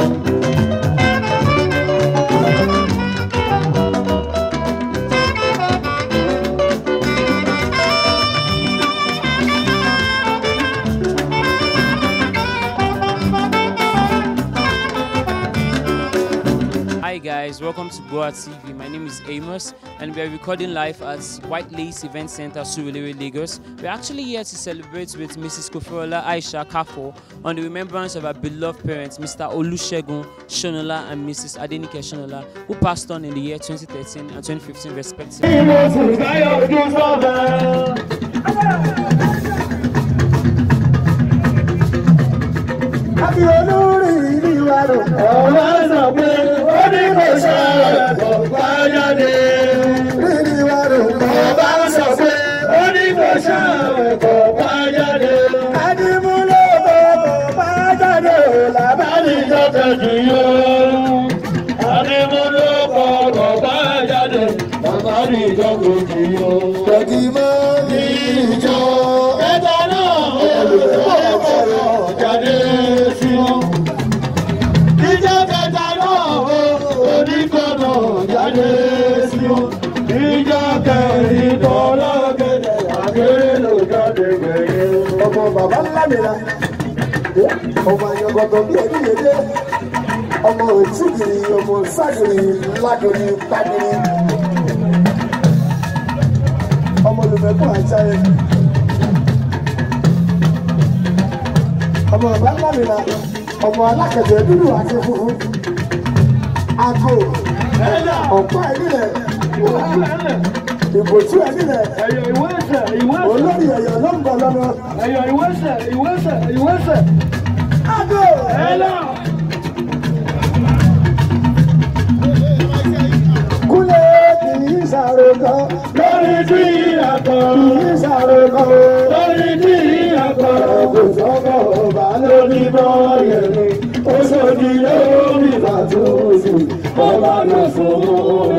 Thank you. guys, welcome to Boa TV. My name is Amos and we are recording live at White Lace Event Center, Surulere, Lagos. We're actually here to celebrate with Mrs. Kufola Aisha Kafo on the remembrance of our beloved parents, Mr. Olusegun Shonola and Mrs. Adenike Shonola, who passed on in the year 2013 and 2015 respectively. Yes, ọmọ bàbá ńlá mi la ọmọ ayọ̀gọ̀dọ̀ bí ẹni yẹn dé ọmọ òtúgìrì ọmọ nsàgìrì ńlágìrì tágìrì ọmọ olùmẹ̀kún àjáyé ọmọ bàbá ńlá mi ọmọ àti funfun ìbò tí ẹ nílẹ̀. ẹ̀yọ̀ ìwé ẹ̀sẹ̀ ìwé ẹ̀sẹ̀. olórí ẹ̀yọ̀ ló ń bọ̀ lọ́nà. ẹ̀yọ̀ ìwé ẹ̀sẹ̀ ìwé ẹ̀sẹ̀ ìwé ẹ̀sẹ̀. àgọ́. ẹ kúlẹ̀ kì í lórí tí ìyàtọ̀. kì í lórí tí ìyàtọ̀. kò sọ́kọ̀ ọba lórí bọ́ọ̀yẹ̀ mi. ó sọ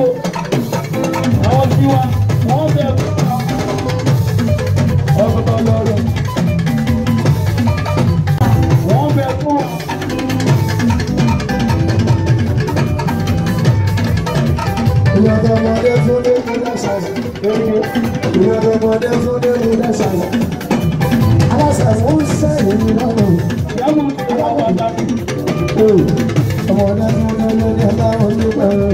Oh,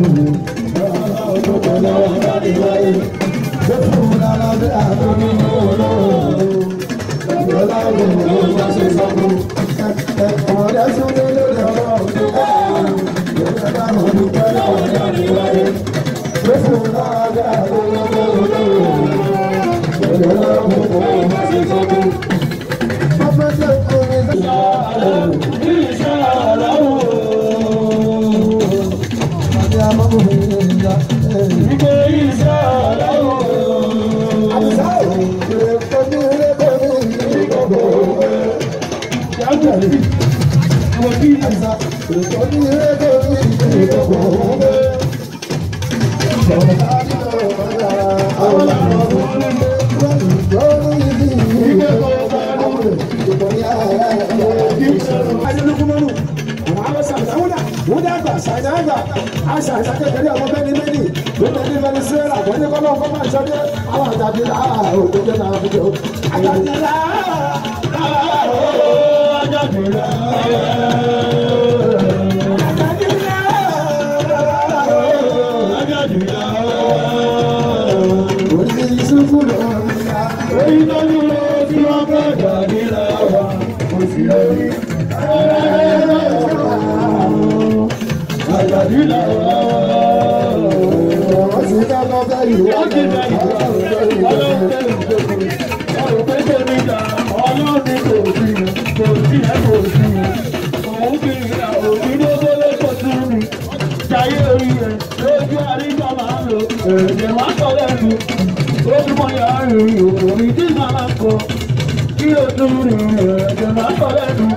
ajẹnukumọnu àwọn awọsà àwùdà wúdà àgbà sàyìn àgbà àṣà àṣà kékeré àwọn bẹni bẹni lóde ní venezuela kó kí o dùn rìn ọjọ́ máa kọ́ lẹ́nu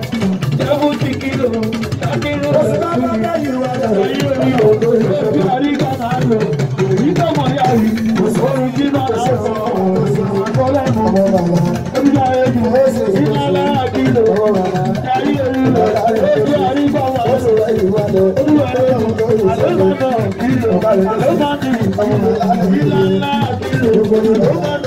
jẹ́bú ti kílò ṣákìlò ọ̀sán bá yìí wà lọ́wọ́ yóò ní òdo ìṣẹ́bí àríkàtà lò èyí tó mọ̀ yá rí òṣèlú jíná lásán òṣèlú kọ́ lẹ́nu ẹbí ayé jù jíná lára kílò yàrí orí lọ èyí àríkà wà lọ́wọ́ olúwa lẹ́nu àlọ́ bá náà kílò àlọ́ bá ní ìlànà kílò ó bá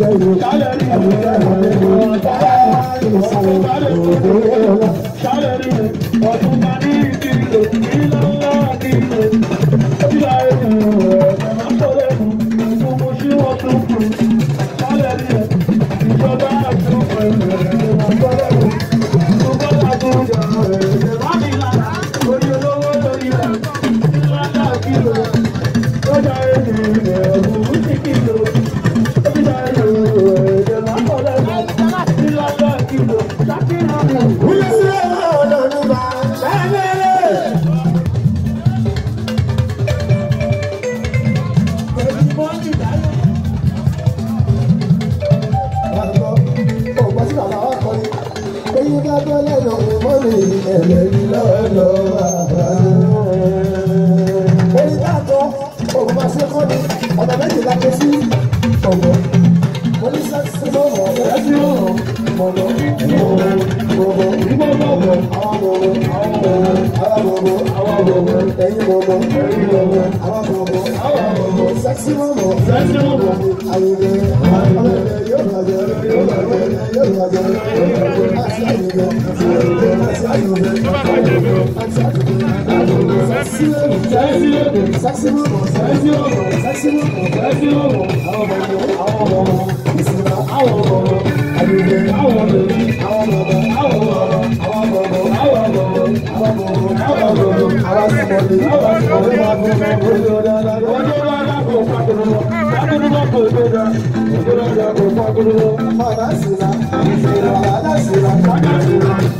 Thank you. ọ̀bọ̀ oníṣẹ́ sísọ ọ̀bọ̀ ẹ̀sìn ọ̀rọ̀ bọ̀bọ̀ bọ̀bọ̀ bọ̀bọ̀ ìbọ̀bọ̀ bọ̀ àwọn bọ̀bọ̀ àwọn bọ̀bọ̀ àwọn bọ̀bọ̀ ẹ̀yìn bọ̀bọ̀ ẹ̀yìn bọ̀bọ̀ àwọn bọ̀bọ̀ àwọn bọ̀bọ̀ sẹ́sì bọ̀bọ̀ sẹ́sì bọ̀bọ̀ àyèlè àyèlè yóò bàjẹ́ yóò bàjẹ́ yóò bàjẹ́ àti àyèlè àti àyèlè àti àyèlè sẹ́sì bọ̀bọ̀ sẹ́sì bọ̀bọ̀ sẹ́sì bọ̀bọ̀ ẹsìnwòkùn ẹsìnwòkùn àwọn ọmọ ọmọ àwọn ọmọ ọmọ ìsìnkà àwọn ọmọ ọmọ àgbègbè àwọn ọmọ èyí àwọn ọmọ ọmọ àwọn ọmọ ọmọ àwọn ọmọ ọmọ àwọn ọmọ ọmọ àwọn ọmọ ọmọ àwọn ọmọ ọmọ àwọn asìmọ̀lẹ̀ àwọn asìmọ̀lẹ̀ máa gbé máa gbé lọ́dọ̀ lọ́dọ̀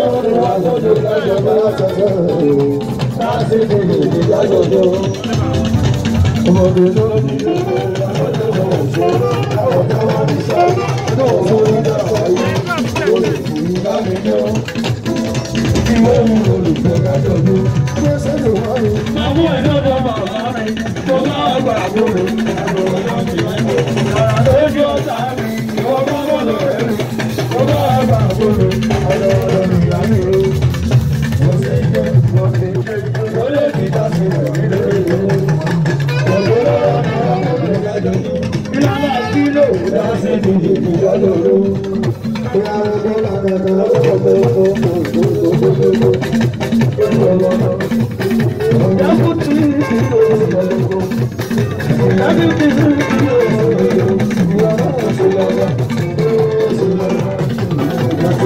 lọ́dọ̀dọ̀ ọmọdé lórí ọmọdé lọ́dọ̀ ọmọdé lórí ọmọdé lórí ọmọdé lórí ìbánidọ́ ìwé mi olùfẹ́ kájọ́dọ́ ṣé sẹ́yìn wá mi. àwọn ìdọ́dọ̀ bàbá rẹ̀ tó bá gbàgbọ́ rẹ̀ lọ́dọ̀ ọjọ́ ìwé mi.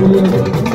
Gracias.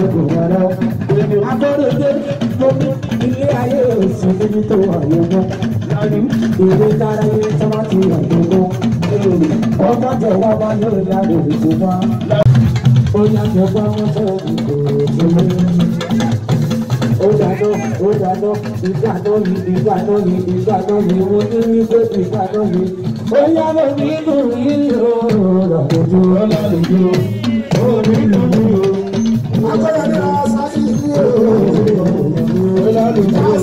ògùn ọ̀rá èmi agbọ́dọ̀dé lómi ilé ayé òsì níbi tó wà yọgbọ́ ìwé dára ilé tí wọ́n ti wà yọgbọ́ ọgbọ́n jọ wá wá lórí àgbò ìṣòwò ó yàtọ̀ bá wọn sọ̀rọ̀ ìṣòwò ó dáná ó dáná ìdáná mi ìdáná mi ìdáná mi mo ní wípé ìdáná mi ó yàrá nínú yìí ó rọrùn ojú ọlọ́run yìí ó nínú yìí. Aleluia.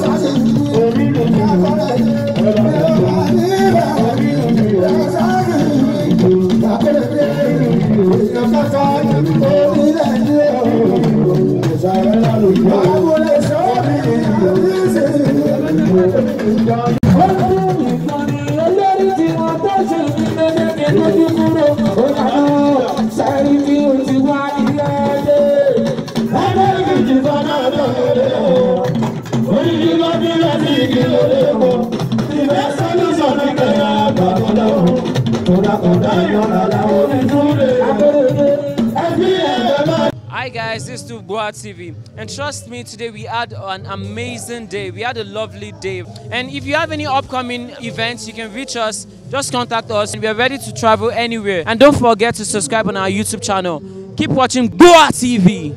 to Goa TV. And trust me, today we had an amazing day. We had a lovely day. And if you have any upcoming events, you can reach us. Just contact us. We are ready to travel anywhere. And don't forget to subscribe on our YouTube channel. Keep watching Goa TV.